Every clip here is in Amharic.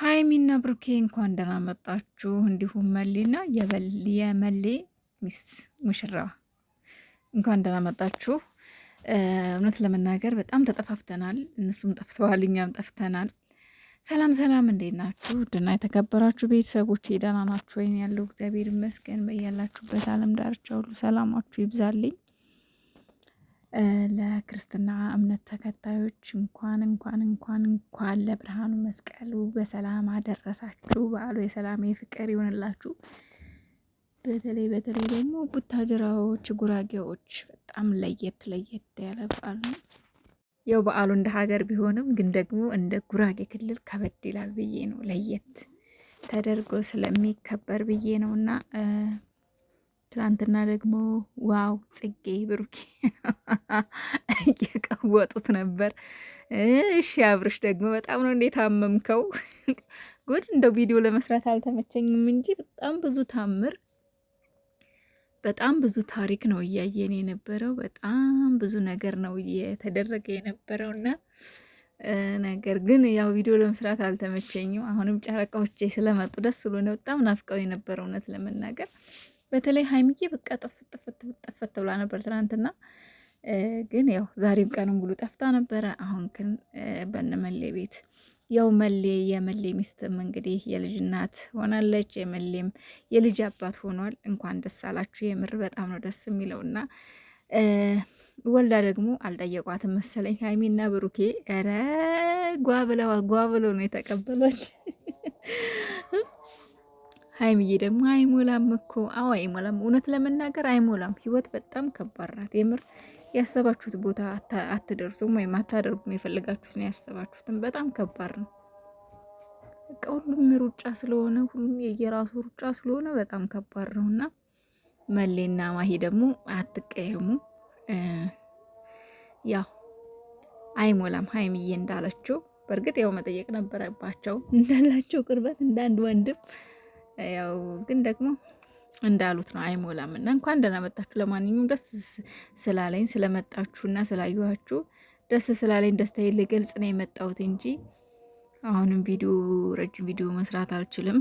ሀይሚና ብሩኬ እንኳን ደህና መጣችሁ። እንዲሁም መሌና የመሌ ሚስት ሙሽራ እንኳን ደህና መጣችሁ። እውነት ለመናገር በጣም ተጠፋፍተናል። እነሱም ጠፍተዋል፣ እኛም ጠፍተናል። ሰላም ሰላም፣ እንዴት ናችሁ? ድና የተከበራችሁ ቤተሰቦች ደህና ናችሁ ወይም? ያለው እግዚአብሔር ይመስገን። በያላችሁበት አለም ዳርቻ ሁሉ ሰላማችሁ ይብዛልኝ። ለክርስትና እምነት ተከታዮች እንኳን እንኳን እንኳን እንኳን ለብርሃኑ መስቀሉ በሰላም አደረሳችሁ። በዓሉ የሰላም የፍቅር ይሆንላችሁ። በተለይ በተለይ ደግሞ ቡታጅራዎች፣ ጉራጌዎች በጣም ለየት ለየት ያለ በዓል ነው። ያው በዓሉ እንደ ሀገር ቢሆንም ግን ደግሞ እንደ ጉራጌ ክልል ከበድ ይላል ብዬ ነው ለየት ተደርጎ ስለሚከበር ብዬ ነው እና ትላንትና ደግሞ ዋው ጽጌ ብሩኬ እየቀወጡት ነበር። እሺ አብርሽ ደግሞ በጣም ነው እንዴት ታመምከው? ጉድ እንደው ቪዲዮ ለመስራት አልተመቸኝም እንጂ በጣም ብዙ ታምር፣ በጣም ብዙ ታሪክ ነው እያየን የነበረው። በጣም ብዙ ነገር ነው እየተደረገ የነበረው እና ነገር ግን ያው ቪዲዮ ለመስራት አልተመቸኝም። አሁንም ጨረቃዎቼ ስለመጡ ደስ ብሎ ነው። በጣም ናፍቀው የነበረ እውነት ለመናገር በተለይ ሀይሚዬ በቃ ጥፍት ጥፍት ብላ ነበር ትናንትና። ግን ያው ዛሬም ቀንም ሙሉ ጠፍታ ነበረ። አሁን ግን በነ መሌ ቤት ያው መሌ የመሌ ሚስትም እንግዲህ የልጅ እናት ሆናለች። የመሌም የልጅ አባት ሆኗል። እንኳን ደስ አላችሁ። የምር በጣም ነው ደስ የሚለውና ወልዳ ደግሞ አልጠየቋትም መሰለኝ ሀይሚና ብሩኬ ረ ጓብለዋ ጓብለው ነው የተቀበሏች። ሀይምዬ ደግሞ አይሞላም እኮ አዎ፣ አይሞላም። እውነት ለመናገር አይሞላም። ህይወት በጣም ከባድ ናት። የምር ያሰባችሁት ቦታ አትደርሱም ወይም አታደርጉም። የፈለጋችሁትን ያሰባችሁትን በጣም ከባድ ነው። በቃ ሁሉም ሩጫ ስለሆነ ሁሉም የየራሱ ሩጫ ስለሆነ በጣም ከባድ ነው እና መሌና ማሂ ደግሞ አትቀየሙ። ያው አይሞላም ሀይምዬ እንዳለችው። በእርግጥ ያው መጠየቅ ነበረባቸው እንዳላቸው ቅርበት እንደ አንድ ወንድም ያው ግን ደግሞ እንዳሉት ነው አይሞላም። እና እንኳን ደህና መጣችሁ። ለማንኛውም ደስ ስላለኝ ስለመጣችሁና ስላየኋችሁ ደስ ስላለኝ ደስታዬን ልገልጽ ነው የመጣሁት እንጂ አሁንም ቪዲዮ ረጅም ቪዲዮ መስራት አልችልም።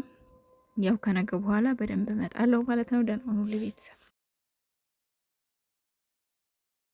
ያው ከነገ በኋላ በደንብ እመጣለሁ ማለት ነው። ደህና ሁኑ ቤተሰብ።